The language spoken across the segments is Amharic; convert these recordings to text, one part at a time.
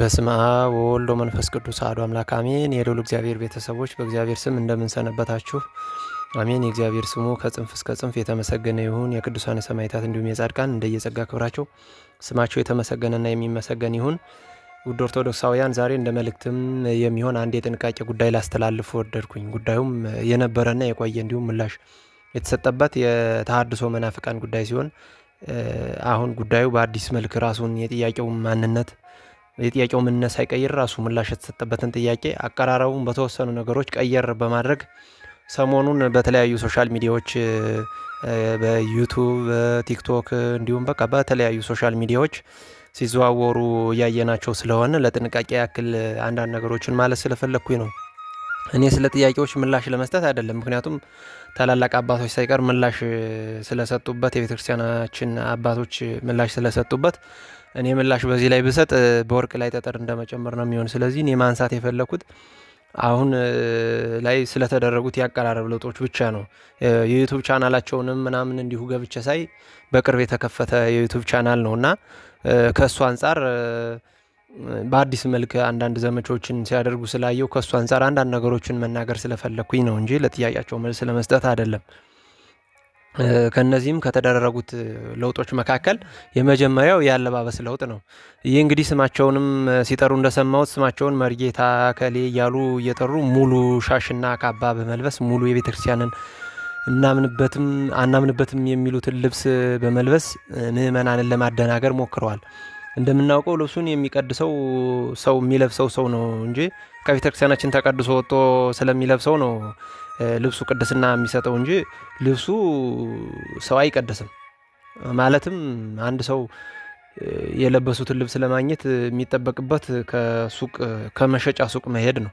በስመ አብ ወወልድ ወመንፈስ ቅዱስ አሐዱ አምላክ አሜን። የልዑል እግዚአብሔር ቤተሰቦች በእግዚአብሔር ስም እንደምንሰነበታችሁ አሜን። የእግዚአብሔር ስሙ ከጽንፍ እስከ ጽንፍ የተመሰገነ ይሁን። የቅዱሳን ሰማዕታት እንዲሁም የጻድቃን እንደየጸጋ ክብራቸው ስማቸው የተመሰገነና የሚመሰገን ይሁን። ውድ ኦርቶዶክሳውያን ዛሬ እንደ መልእክትም የሚሆን አንድ የጥንቃቄ ጉዳይ ላስተላልፍ ወደድኩኝ። ጉዳዩም የነበረና የቆየ እንዲሁም ምላሽ የተሰጠበት የተሃድሶ መናፍቃን ጉዳይ ሲሆን አሁን ጉዳዩ በአዲስ መልክ ራሱን የጥያቄው ማንነት የጥያቄው ምንነት ሳይቀይር ራሱ ምላሽ የተሰጠበትን ጥያቄ አቀራረቡን በተወሰኑ ነገሮች ቀየር በማድረግ ሰሞኑን በተለያዩ ሶሻል ሚዲያዎች በዩቱብ፣ በቲክቶክ እንዲሁም በቃ በተለያዩ ሶሻል ሚዲያዎች ሲዘዋወሩ እያየናቸው ስለሆነ ለጥንቃቄ ያክል አንዳንድ ነገሮችን ማለት ስለፈለግኩኝ ነው። እኔ ስለ ጥያቄዎች ምላሽ ለመስጠት አይደለም። ምክንያቱም ታላላቅ አባቶች ሳይቀር ምላሽ ስለሰጡበት የቤተ ክርስቲያናችን አባቶች ምላሽ ስለሰጡበት እኔ ምላሽ በዚህ ላይ ብሰጥ በወርቅ ላይ ጠጠር እንደመጨመር ነው የሚሆን። ስለዚህ እኔ ማንሳት የፈለኩት አሁን ላይ ስለተደረጉት የአቀራረብ ለውጦች ብቻ ነው። የዩቱብ ቻናላቸውንም ምናምን እንዲሁ ገብቼ ሳይ በቅርብ የተከፈተ የዩቱብ ቻናል ነው እና ከእሱ አንጻር በአዲስ መልክ አንዳንድ ዘመቻዎችን ሲያደርጉ ስላየው ከእሱ አንጻር አንዳንድ ነገሮችን መናገር ስለፈለግኩኝ ነው እንጂ ለጥያቄያቸው መልስ ለመስጠት አይደለም። ከነዚህም ከተደረጉት ለውጦች መካከል የመጀመሪያው የአለባበስ ለውጥ ነው። ይህ እንግዲህ ስማቸውንም ሲጠሩ እንደሰማሁት ስማቸውን መርጌታ ከሌ እያሉ እየጠሩ ሙሉ ሻሽና ካባ በመልበስ ሙሉ የቤተ ክርስቲያንን እናምንበትም አናምንበትም የሚሉትን ልብስ በመልበስ ምዕመናንን ለማደናገር ሞክረዋል። እንደምናውቀው ልብሱን የሚቀድሰው ሰው የሚለብሰው ሰው ነው እንጂ ከቤተ ክርስቲያናችን ተቀድሶ ወጥቶ ስለሚለብሰው ነው ልብሱ ቅድስና የሚሰጠው እንጂ ልብሱ ሰው አይቀድስም። ማለትም አንድ ሰው የለበሱትን ልብስ ለማግኘት የሚጠበቅበት ከሱቅ ከመሸጫ ሱቅ መሄድ ነው።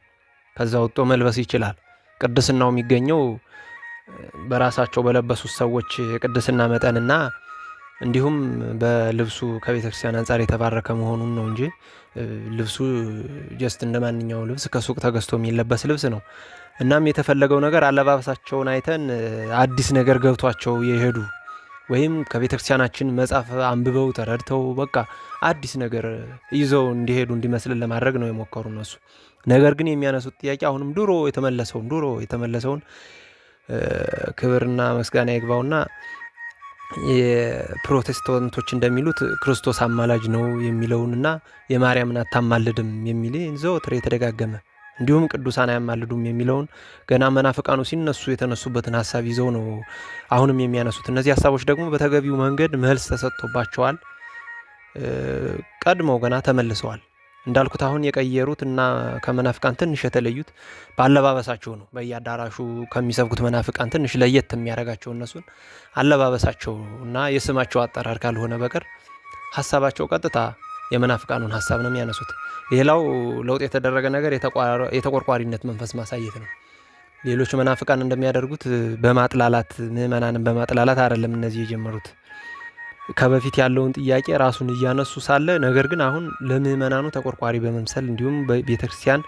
ከዛ ወጥቶ መልበስ ይችላል። ቅድስናው የሚገኘው በራሳቸው በለበሱት ሰዎች የቅድስና መጠንና እንዲሁም በልብሱ ከቤተ ክርስቲያን አንጻር የተባረከ መሆኑን ነው እንጂ ልብሱ ጀስት እንደ ማንኛውም ልብስ ከሱቅ ተገዝቶ የሚለበስ ልብስ ነው። እናም የተፈለገው ነገር አለባበሳቸውን አይተን አዲስ ነገር ገብቷቸው የሄዱ ወይም ከቤተ ክርስቲያናችን መጽሐፍ አንብበው ተረድተው በቃ አዲስ ነገር ይዘው እንዲሄዱ እንዲመስልን ለማድረግ ነው የሞከሩ እነሱ። ነገር ግን የሚያነሱት ጥያቄ አሁንም ድሮ የተመለሰውን ድሮ የተመለሰውን ክብርና መስጋና ይግባውና የፕሮቴስታንቶች እንደሚሉት ክርስቶስ አማላጅ ነው የሚለውንና የማርያምን አታማልድም የሚል ዘወትር የተደጋገመ እንዲሁም ቅዱሳን አያማልዱም የሚለውን ገና መናፍቃኑ ሲነሱ የተነሱበትን ሀሳብ ይዘው ነው አሁንም የሚያነሱት። እነዚህ ሀሳቦች ደግሞ በተገቢው መንገድ መልስ ተሰጥቶባቸዋል። ቀድመው ገና ተመልሰዋል። እንዳልኩት አሁን የቀየሩት እና ከመናፍቃን ትንሽ የተለዩት በአለባበሳቸው ነው። በየአዳራሹ ከሚሰብኩት መናፍቃን ትንሽ ለየት የሚያደርጋቸው እነሱን አለባበሳቸው እና የስማቸው አጠራር ካልሆነ በቀር ሀሳባቸው ቀጥታ የመናፍቃኑን ሀሳብ ነው የሚያነሱት። ሌላው ለውጥ የተደረገ ነገር የተቆርቋሪነት መንፈስ ማሳየት ነው። ሌሎች መናፍቃን እንደሚያደርጉት በማጥላላት ምዕመናንን በማጥላላት አይደለም እነዚህ የጀመሩት። ከበፊት ያለውን ጥያቄ ራሱን እያነሱ ሳለ ነገር ግን አሁን ለምዕመናኑ ተቆርቋሪ በመምሰል እንዲሁም ቤተክርስቲያን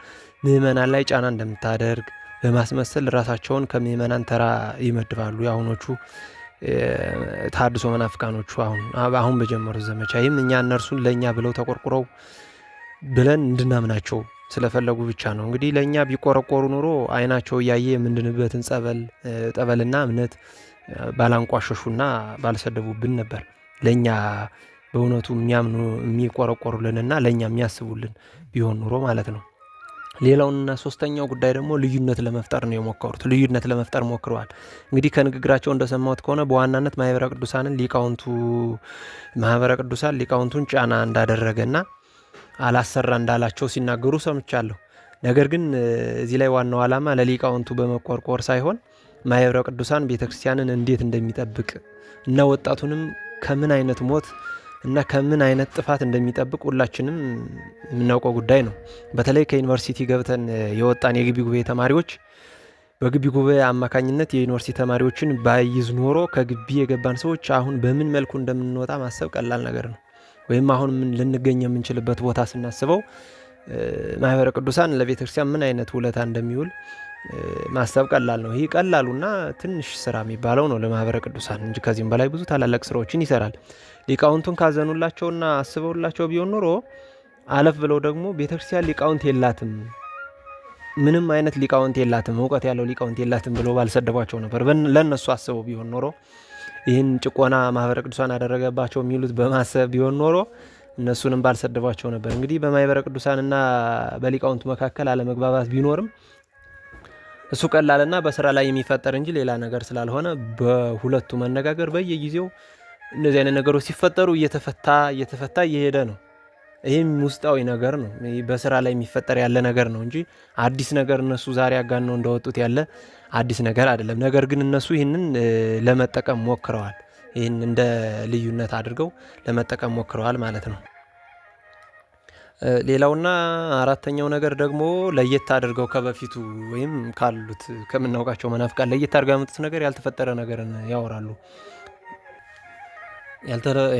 ምዕመናን ላይ ጫና እንደምታደርግ በማስመሰል ራሳቸውን ከምዕመናን ተራ ይመድባሉ። የአሁኖቹ ታድሶ መናፍቃኖቹ አሁን አሁን በጀመሩት ዘመቻ ይህም እኛ እነርሱን ለእኛ ብለው ተቆርቁረው ብለን እንድናምናቸው ስለፈለጉ ብቻ ነው። እንግዲህ ለእኛ ቢቆረቆሩ ኑሮ አይናቸው እያየ የምንድንበትን ጸበል ጠበልና እምነት ባላንቋሸሹና ባልሰደቡብን ነበር። ለእኛ በእውነቱ የሚያምኑ የሚቆረቆሩልንና ለእኛ የሚያስቡልን ቢሆን ኑሮ ማለት ነው። ሌላውና ሶስተኛው ጉዳይ ደግሞ ልዩነት ለመፍጠር ነው የሞከሩት። ልዩነት ለመፍጠር ሞክረዋል። እንግዲህ ከንግግራቸው እንደሰማሁት ከሆነ በዋናነት ማህበረ ቅዱሳንን ሊቃውንቱ ማህበረ ቅዱሳን ሊቃውንቱን ጫና እንዳደረገና አላሰራ እንዳላቸው ሲናገሩ ሰምቻለሁ። ነገር ግን እዚህ ላይ ዋናው ዓላማ ለሊቃውንቱ በመቆርቆር ሳይሆን ማህበረ ቅዱሳን ቤተክርስቲያንን እንዴት እንደሚጠብቅ እና ወጣቱንም ከምን አይነት ሞት እና ከምን አይነት ጥፋት እንደሚጠብቅ ሁላችንም የምናውቀው ጉዳይ ነው። በተለይ ከዩኒቨርሲቲ ገብተን የወጣን የግቢ ጉባኤ ተማሪዎች በግቢ ጉባኤ አማካኝነት የዩኒቨርሲቲ ተማሪዎችን ባይዝ ኖሮ ከግቢ የገባን ሰዎች አሁን በምን መልኩ እንደምንወጣ ማሰብ ቀላል ነገር ነው። ወይም አሁን ልንገኝ የምንችልበት ቦታ ስናስበው ማህበረ ቅዱሳን ለቤተክርስቲያን ምን አይነት ውለታ እንደሚውል ማሰብ ቀላል ነው። ይህ ቀላሉና ትንሽ ስራ የሚባለው ነው ለማህበረ ቅዱሳን እንጂ ከዚህም በላይ ብዙ ታላላቅ ስራዎችን ይሰራል። ሊቃውንቱን ካዘኑላቸውና አስበውላቸው ቢሆን ኖሮ አለፍ ብለው ደግሞ ቤተክርስቲያን ሊቃውንት የላትም፣ ምንም አይነት ሊቃውንት የላትም፣ እውቀት ያለው ሊቃውንት የላትም ብሎ ባልሰደቧቸው ነበር። ለእነሱ አስበው ቢሆን ኖሮ ይህን ጭቆና ማህበረ ቅዱሳን አደረገባቸው የሚሉት በማሰብ ቢሆን ኖሮ እነሱንም ባልሰደቧቸው ነበር። እንግዲህ በማህበረ ቅዱሳንና በሊቃውንቱ መካከል አለመግባባት ቢኖርም እሱ ቀላልና በስራ ላይ የሚፈጠር እንጂ ሌላ ነገር ስላልሆነ በሁለቱ መነጋገር በየጊዜው እነዚህ አይነት ነገሮች ሲፈጠሩ እየተፈታ እየተፈታ እየሄደ ነው። ይህም ውስጣዊ ነገር ነው፣ በስራ ላይ የሚፈጠር ያለ ነገር ነው እንጂ አዲስ ነገር እነሱ ዛሬ አጋነው እንደወጡት ያለ አዲስ ነገር አይደለም። ነገር ግን እነሱ ይህንን ለመጠቀም ሞክረዋል። ይህን እንደ ልዩነት አድርገው ለመጠቀም ሞክረዋል ማለት ነው። ሌላውና አራተኛው ነገር ደግሞ ለየት አድርገው ከበፊቱ ወይም ካሉት ከምናውቃቸው መናፍቃን ለየት አድርገው ያመጡት ነገር ያልተፈጠረ ነገርን ያወራሉ።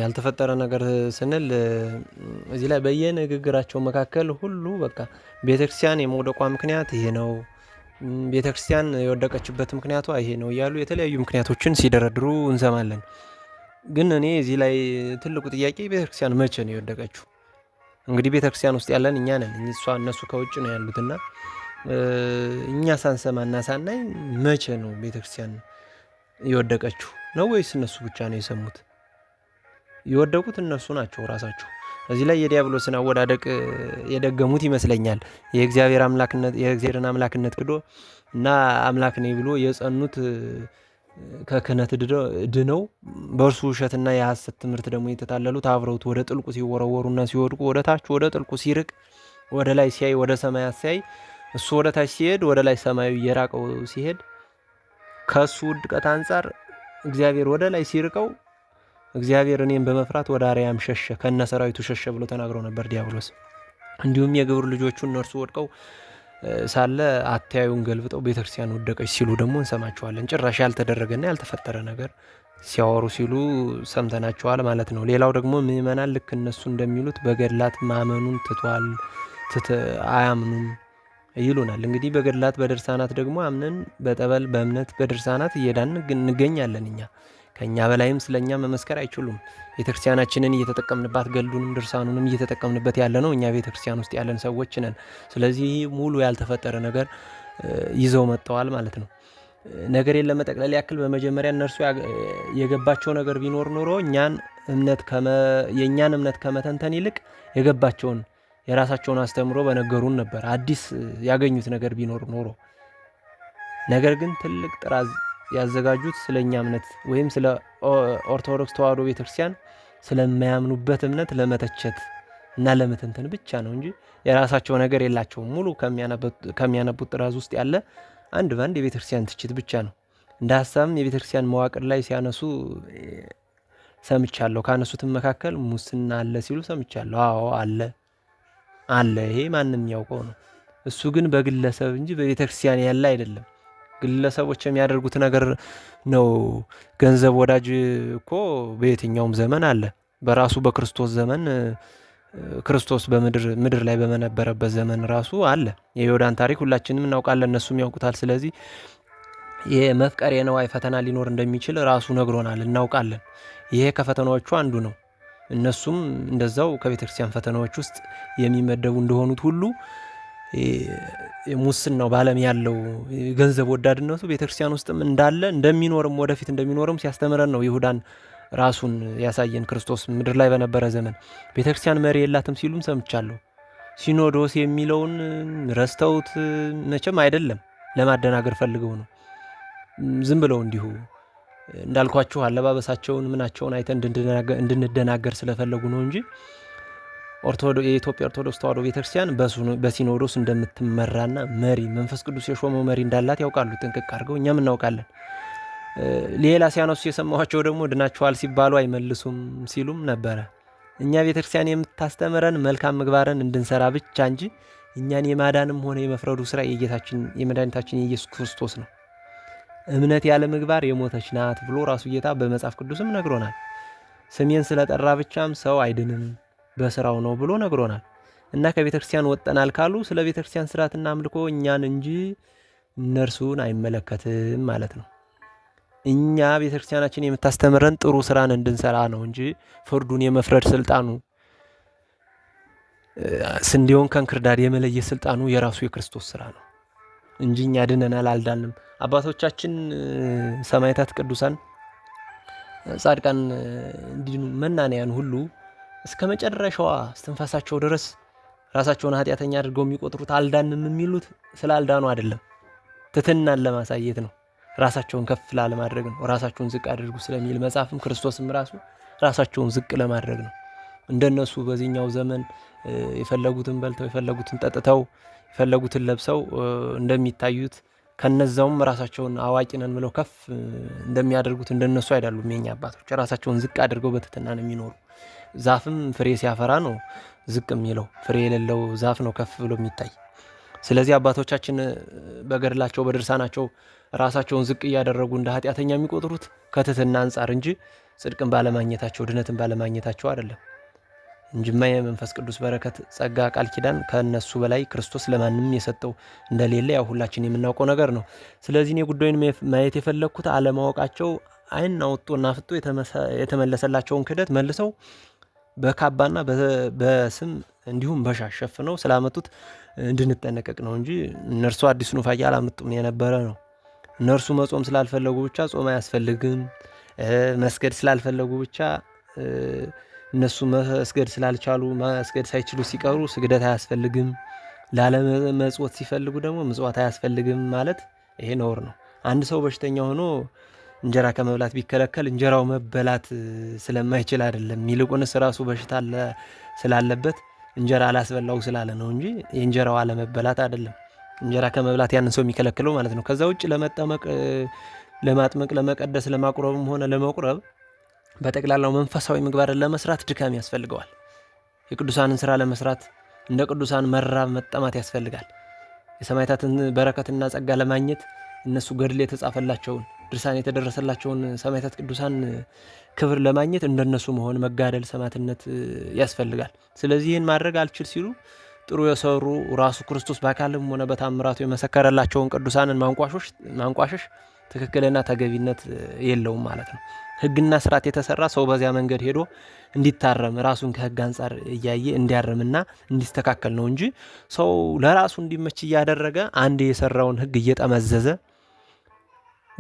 ያልተፈጠረ ነገር ስንል እዚህ ላይ በየንግግራቸው መካከል ሁሉ በቃ ቤተክርስቲያን የመውደቋ ምክንያት ይሄ ነው፣ ቤተክርስቲያን የወደቀችበት ምክንያቷ ይሄ ነው እያሉ የተለያዩ ምክንያቶችን ሲደረድሩ እንሰማለን። ግን እኔ እዚህ ላይ ትልቁ ጥያቄ ቤተክርስቲያን መቼ ነው የወደቀችው? እንግዲህ ቤተክርስቲያን ውስጥ ያለን እኛ ነን። እሷ እነሱ ከውጭ ነው ያሉትና እኛ ሳንሰማና ሳናይ መቼ ነው ቤተክርስቲያን የወደቀችው? ነው ወይስ እነሱ ብቻ ነው የሰሙት? የወደቁት እነሱ ናቸው ራሳቸው። እዚህ ላይ የዲያብሎስን አወዳደቅ የደገሙት ይመስለኛል። የእግዚአብሔርን አምላክነት ክዶ እና አምላክ ነኝ ብሎ የጸኑት ከክህነት ድነው በእርሱ ውሸትና የሐሰት ትምህርት ደግሞ የተታለሉት አብረውት ወደ ጥልቁ ሲወረወሩና ሲወድቁ ወደ ታች ወደ ጥልቁ ሲርቅ ወደ ላይ ሲያይ ወደ ሰማያት ሲያይ እሱ ወደ ታች ሲሄድ ወደ ላይ ሰማዩ እየራቀው ሲሄድ ከእሱ ውድቀት አንጻር እግዚአብሔር ወደ ላይ ሲርቀው እግዚአብሔር እኔም በመፍራት ወደ አርያም ሸሸ ከነ ሰራዊቱ ሸሸ ብሎ ተናግረው ነበር ዲያብሎስ። እንዲሁም የግብር ልጆቹ እነርሱ ወድቀው ሳለ አተያዩን ገልብጠው ቤተክርስቲያን ወደቀች ሲሉ ደግሞ እንሰማቸዋለን። ጭራሽ ያልተደረገና ያልተፈጠረ ነገር ሲያወሩ ሲሉ ሰምተናቸዋል ማለት ነው። ሌላው ደግሞ ምእመናን ልክ እነሱ እንደሚሉት በገድላት ማመኑን ትቷል፣ አያምኑም ይሉናል። እንግዲህ በገድላት በድርሳናት ደግሞ አምነን በጠበል በእምነት በድርሳናት እየዳን እንገኛለን እኛ ከእኛ በላይም ስለ እኛ መመስከር አይችሉም። ቤተክርስቲያናችንን እየተጠቀምንባት ገሉንም ድርሳኑንም እየተጠቀምንበት ያለ ነው እኛ ቤተክርስቲያን ውስጥ ያለን ሰዎች ነን። ስለዚህ ሙሉ ያልተፈጠረ ነገር ይዘው መጥተዋል ማለት ነው። ነገሬን ለመጠቅለል ያክል በመጀመሪያ እነርሱ የገባቸው ነገር ቢኖር ኖሮ እኛን እምነት የእኛን እምነት ከመተንተን ይልቅ የገባቸውን የራሳቸውን አስተምሮ በነገሩን ነበር፣ አዲስ ያገኙት ነገር ቢኖር ኖሮ። ነገር ግን ትልቅ ጥራዝ ያዘጋጁት ስለ እኛ እምነት ወይም ስለ ኦርቶዶክስ ተዋሕዶ ቤተክርስቲያን ስለማያምኑበት እምነት ለመተቸት እና ለመተንተን ብቻ ነው እንጂ የራሳቸው ነገር የላቸውም። ሙሉ ከሚያነቡት ጥራዝ ውስጥ ያለ አንድ በአንድ የቤተክርስቲያን ትችት ብቻ ነው። እንደ ሀሳብም የቤተክርስቲያን መዋቅር ላይ ሲያነሱ ሰምቻለሁ። ካነሱትም መካከል ሙስና አለ ሲሉ ሰምቻለሁ። አዎ አለ አለ፣ ይሄ ማንም ያውቀው ነው። እሱ ግን በግለሰብ እንጂ በቤተክርስቲያን ያለ አይደለም። ግለሰቦች የሚያደርጉት ነገር ነው። ገንዘብ ወዳጅ እኮ በየትኛውም ዘመን አለ። በራሱ በክርስቶስ ዘመን ክርስቶስ በምድር ምድር ላይ በመነበረበት ዘመን ራሱ አለ። የዮዳን ታሪክ ሁላችንም እናውቃለን፣ እነሱም ያውቁታል። ስለዚህ የመፍቀር የነዋይ ፈተና ሊኖር እንደሚችል ራሱ ነግሮናል፣ እናውቃለን። ይሄ ከፈተናዎቹ አንዱ ነው። እነሱም እንደዛው ከቤተክርስቲያን ፈተናዎች ውስጥ የሚመደቡ እንደሆኑት ሁሉ ሙስናው በዓለም ያለው ገንዘብ ወዳድነቱ ቤተክርስቲያን ውስጥም እንዳለ እንደሚኖርም ወደፊት እንደሚኖርም ሲያስተምረን ነው ይሁዳን ራሱን ያሳየን ክርስቶስ ምድር ላይ በነበረ ዘመን ቤተክርስቲያን መሪ የላትም ሲሉም ሰምቻለሁ። ሲኖዶስ የሚለውን ረስተውት መቼም አይደለም ለማደናገር ፈልገው ነው። ዝም ብለው እንዲሁ እንዳልኳችሁ አለባበሳቸውን ምናቸውን አይተን እንድንደናገር ስለፈለጉ ነው እንጂ የኢትዮጵያ ኦርቶዶክስ ተዋሕዶ ቤተክርስቲያን በሲኖዶስ እንደምትመራና መሪ መንፈስ ቅዱስ የሾመው መሪ እንዳላት ያውቃሉ ጥንቅቅ አድርገው፣ እኛም እናውቃለን። ሌላ ሲያነሱ የሰማኋቸው ደግሞ ድናችኋል ሲባሉ አይመልሱም ሲሉም ነበረ። እኛ ቤተክርስቲያን የምታስተምረን መልካም ምግባርን እንድንሰራ ብቻ እንጂ እኛን የማዳንም ሆነ የመፍረዱ ስራ የጌታችን የመድኃኒታችን የኢየሱስ ክርስቶስ ነው። እምነት ያለ ምግባር የሞተች ናት ብሎ ራሱ ጌታ በመጽሐፍ ቅዱስም ነግሮናል። ስሜን ስለጠራ ብቻም ሰው አይድንም በስራው ነው ብሎ ነግሮናል። እና ከቤተ ክርስቲያን ወጠናል ካሉ ስለ ቤተ ክርስቲያን ስርዓትና አምልኮ እኛን እንጂ እነርሱን አይመለከትም ማለት ነው። እኛ ቤተ ክርስቲያናችን የምታስተምረን ጥሩ ስራን እንድንሰራ ነው እንጂ ፍርዱን የመፍረድ ስልጣኑ ስንዴውን ከእንክርዳድ የመለየ ስልጣኑ የራሱ የክርስቶስ ስራ ነው እንጂ እኛ ድነናል አልዳንም። አባቶቻችን ሰማዕታት፣ ቅዱሳን፣ ጻድቃን እንዲሁ መናንያን ሁሉ እስከ መጨረሻዋ እስትንፋሳቸው ድረስ ራሳቸውን ኃጢአተኛ አድርገው የሚቆጥሩት አልዳንም የሚሉት ስለ አልዳኑ አይደለም፣ ትትናን ለማሳየት ነው። ራሳቸውን ከፍ ላለማድረግ ነው። ራሳቸውን ዝቅ አድርጉ ስለሚል መጽሐፍም ክርስቶስም ራሱ ራሳቸውን ዝቅ ለማድረግ ነው። እንደነሱ በዚህኛው ዘመን የፈለጉትን በልተው የፈለጉትን ጠጥተው የፈለጉትን ለብሰው እንደሚታዩት ከነዛውም ራሳቸውን አዋቂ ነን ብለው ከፍ እንደሚያደርጉት እንደነሱ አይደሉም። የኛ አባቶች ራሳቸውን ዝቅ አድርገው በትትና ነው የሚኖሩ። ዛፍም ፍሬ ሲያፈራ ነው ዝቅ የሚለው። ፍሬ የሌለው ዛፍ ነው ከፍ ብሎ የሚታይ። ስለዚህ አባቶቻችን በገድላቸው በድርሳናቸው ራሳቸውን ዝቅ እያደረጉ እንደ ኃጢአተኛ የሚቆጥሩት ከትህትና አንጻር እንጂ ጽድቅን ባለማግኘታቸው ድነትን ባለማግኘታቸው አይደለም እንጅማ የመንፈስ ቅዱስ በረከት፣ ጸጋ፣ ቃል ኪዳን ከእነሱ በላይ ክርስቶስ ለማንም የሰጠው እንደሌለ ያው ሁላችን የምናውቀው ነገር ነው። ስለዚህ እኔ ጉዳዩን ማየት የፈለግኩት አለማወቃቸው አይን አውጦ እና ፍጦ የተመለሰላቸውን ክህደት መልሰው በካባና በስም እንዲሁም በሻሽ ሸፍነው ስላመጡት እንድንጠነቀቅ ነው እንጂ እነርሱ አዲስ ኑፋቄ አላመጡም የነበረ ነው። እነርሱ መጾም ስላልፈለጉ ብቻ ጾም አያስፈልግም፣ መስገድ ስላልፈለጉ ብቻ እነሱ መስገድ ስላልቻሉ መስገድ ሳይችሉ ሲቀሩ ስግደት አያስፈልግም፣ ላለመጽወት ሲፈልጉ ደግሞ ምጽዋት አያስፈልግም ማለት ይሄ ነውር ነው። አንድ ሰው በሽተኛ ሆኖ እንጀራ ከመብላት ቢከለከል እንጀራው መበላት ስለማይችል አይደለም፣ ይልቁንስ ራሱ በሽታ ስላለበት እንጀራ አላስበላው ስላለ ነው እንጂ የእንጀራው አለመበላት አይደለም። እንጀራ ከመብላት ያንን ሰው የሚከለክለው ማለት ነው። ከዛ ውጭ ለመጠመቅ፣ ለማጥመቅ፣ ለመቀደስ፣ ለማቁረብም ሆነ ለመቁረብ በጠቅላላው መንፈሳዊ ምግባርን ለመስራት ድካም ያስፈልገዋል። የቅዱሳንን ስራ ለመስራት እንደ ቅዱሳን መራብ፣ መጠማት ያስፈልጋል። የሰማዕታትን በረከትና ጸጋ ለማግኘት እነሱ ገድል የተጻፈላቸውን ድርሳን የተደረሰላቸውን ሰማዕታት ቅዱሳን ክብር ለማግኘት እንደነሱ መሆን፣ መጋደል፣ ሰማዕትነት ያስፈልጋል። ስለዚህ ይህን ማድረግ አልችል ሲሉ ጥሩ የሰሩ ራሱ ክርስቶስ በአካልም ሆነ በታምራቱ የመሰከረላቸውን ቅዱሳንን ማንቋሸሽ ትክክልና ተገቢነት የለውም ማለት ነው። ሕግና ስርዓት የተሰራ ሰው በዚያ መንገድ ሄዶ እንዲታረም ራሱን ከሕግ አንጻር እያየ እንዲያርምና እንዲስተካከል ነው እንጂ ሰው ለራሱ እንዲመች እያደረገ አንድ የሰራውን ሕግ እየጠመዘዘ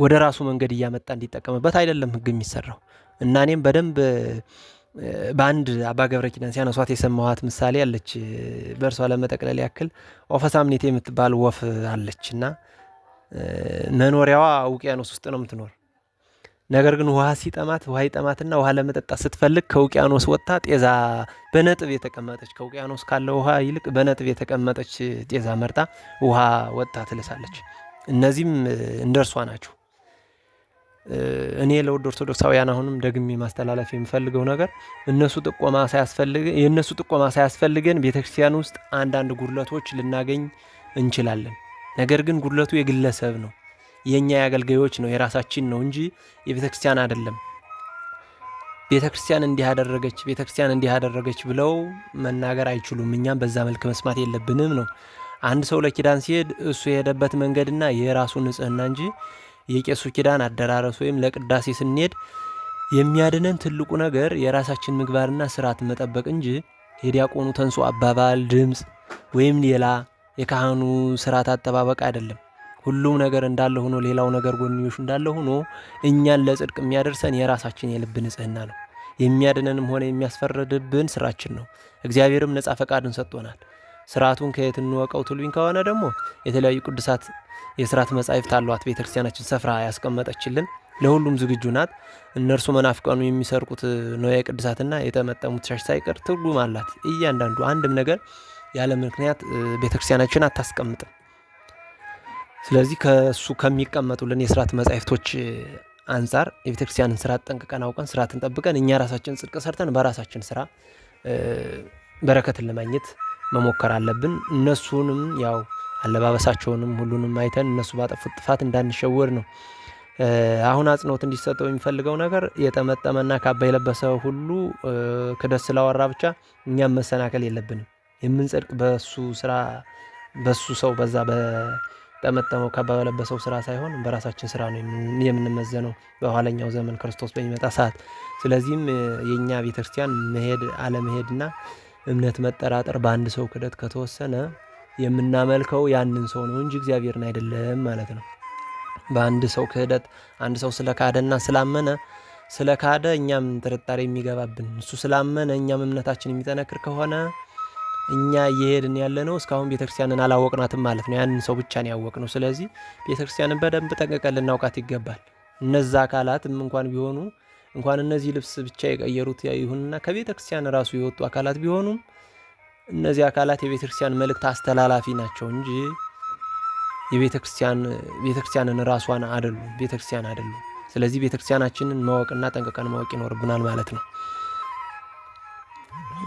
ወደ ራሱ መንገድ እያመጣ እንዲጠቀምበት አይደለም ህግ የሚሰራው እና እኔም በደንብ በአንድ አባ ገብረ ኪዳን ሲያነሷት የሰማኋት ምሳሌ አለች። በእርሷ ለመጠቅለል ያክል ኦፈሳምኔት የምትባል ወፍ አለች እና መኖሪያዋ ውቅያኖስ ውስጥ ነው የምትኖር። ነገር ግን ውሃ ሲጠማት ውሃ ይጠማትና ውሃ ለመጠጣት ስትፈልግ ከውቅያኖስ ወጥታ ጤዛ በነጥብ የተቀመጠች ከውቅያኖስ ካለው ውሃ ይልቅ በነጥብ የተቀመጠች ጤዛ መርጣ ውሃ ወጥታ ትልሳለች። እነዚህም እርሷ ናቸው። እኔ ለውድ ኦርቶዶክሳውያን አሁንም ደግሜ ማስተላለፍ የምፈልገው ነገር እነሱ ጥቆማ ሳያስፈልገን የእነሱ ጥቆማ ሳያስፈልገን ቤተክርስቲያን ውስጥ አንዳንድ ጉድለቶች ልናገኝ እንችላለን። ነገር ግን ጉድለቱ የግለሰብ ነው፣ የእኛ የአገልጋዮች ነው፣ የራሳችን ነው እንጂ የቤተክርስቲያን አይደለም። ቤተክርስቲያን እንዲህ አደረገች፣ ቤተክርስቲያን እንዲህ አደረገች ብለው መናገር አይችሉም። እኛም በዛ መልክ መስማት የለብንም ነው አንድ ሰው ለኪዳን ሲሄድ እሱ የሄደበት መንገድና የራሱ ንጽህና እንጂ የቄሱ ኪዳን አደራረስ ወይም ለቅዳሴ ስንሄድ የሚያድነን ትልቁ ነገር የራሳችን ምግባርና ስርዓት መጠበቅ እንጂ የዲያቆኑ ተንሶ አባባል፣ ድምፅ ወይም ሌላ የካህኑ ስርዓት አጠባበቅ አይደለም። ሁሉም ነገር እንዳለ ሆኖ ሌላው ነገር ጎንዮሽ እንዳለ ሆኖ እኛን ለጽድቅ የሚያደርሰን የራሳችን የልብ ንጽህና ነው። የሚያድነንም ሆነ የሚያስፈርድብን ስራችን ነው። እግዚአብሔርም ነጻ ፈቃድን ሰጥቶናል። ስርዓቱን ከየት እንወቀው ትሉኝ ከሆነ ደግሞ የተለያዩ ቅዱሳት የስርዓት መጻሕፍት አሏት ቤተክርስቲያናችን ሰፍራ ያስቀመጠችልን። ለሁሉም ዝግጁ ናት። እነርሱ መናፍቀኑ የሚሰርቁት ነው የቅዱሳትና የጠመጠሙት ሻሽ ሳይቀር ትርጉም አላት። እያንዳንዱ አንድም ነገር ያለ ምክንያት ቤተክርስቲያናችን አታስቀምጥም። ስለዚህ ከእሱ ከሚቀመጡልን የስርዓት መጻሕፍቶች አንጻር የቤተክርስቲያንን ስርዓት ጠንቅቀን አውቀን ስርዓትን ጠብቀን እኛ ራሳችን ጽድቅ ሰርተን በራሳችን ስራ በረከትን ለማግኘት መሞከር አለብን። እነሱንም ያው አለባበሳቸውንም ሁሉንም አይተን እነሱ ባጠፉት ጥፋት እንዳንሸወድ ነው። አሁን አጽንኦት እንዲሰጠው የሚፈልገው ነገር የጠመጠመና ካባ የለበሰ ሁሉ ክደት ስላወራ ብቻ እኛም መሰናከል የለብንም። የምንጸድቅ በሱ ስራ በሱ ሰው በዛ በጠመጠመው ካባ በለበሰው ስራ ሳይሆን በራሳችን ስራ ነው የምንመዘነው በኋለኛው ዘመን ክርስቶስ በሚመጣ ሰዓት። ስለዚህም የእኛ ቤተክርስቲያን መሄድ አለመሄድና እምነት መጠራጠር በአንድ ሰው ክደት ከተወሰነ የምናመልከው ያንን ሰው ነው እንጂ እግዚአብሔርን አይደለም ማለት ነው። በአንድ ሰው ክህደት አንድ ሰው ስለ ካደና ስላመነ ስለ ካደ እኛም ጥርጣሬ የሚገባብን እሱ ስላመነ እኛም እምነታችን የሚጠነክር ከሆነ እኛ እየሄድን ነው እስካሁን ቤተክርስቲያንን አላወቅናትም ማለት ነው። ያንን ሰው ብቻ ነው ያወቅነው። ስለዚህ ቤተክርስቲያንን በደንብ ጠንቅቀን ልናውቃት ይገባል። እነዛ አካላትም እንኳን ቢሆኑ እንኳን እነዚህ ልብስ ብቻ የቀየሩት ይሁንና ከቤተ ክርስቲያን ራሱ የወጡ አካላት ቢሆኑም እነዚህ አካላት የቤተ ክርስቲያን መልእክት አስተላላፊ ናቸው እንጂ የቤተ ክርስቲያንን ራሷን አደሉ ቤተ ክርስቲያን አደሉ። ስለዚህ ቤተ ክርስቲያናችንን ማወቅና ጠንቅቀን ማወቅ ይኖርብናል ማለት ነው።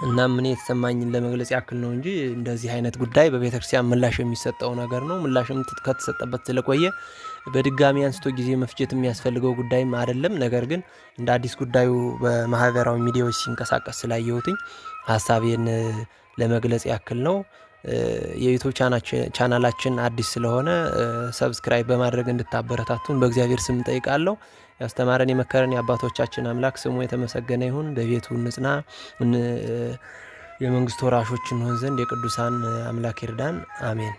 እናም እኔ የተሰማኝን ለመግለጽ ያክል ነው እንጂ እንደዚህ አይነት ጉዳይ በቤተ ክርስቲያን ምላሽ የሚሰጠው ነገር ነው። ምላሽም ከተሰጠበት ስለቆየ በድጋሚ አንስቶ ጊዜ መፍጀት የሚያስፈልገው ጉዳይም አይደለም። ነገር ግን እንደ አዲስ ጉዳዩ በማህበራዊ ሚዲያዎች ሲንቀሳቀስ ስላየሁትኝ ሀሳቤን ለመግለጽ ያክል ነው። የዩቱብ ቻናላችን አዲስ ስለሆነ ሰብስክራይብ በማድረግ እንድታበረታቱን በእግዚአብሔር ስም ጠይቃለሁ። ያስተማረን የመከረን የአባቶቻችን አምላክ ስሙ የተመሰገነ ይሁን። በቤቱ ንጽና የመንግስት ወራሾች እንሆን ዘንድ የቅዱሳን አምላክ ይርዳን። አሜን።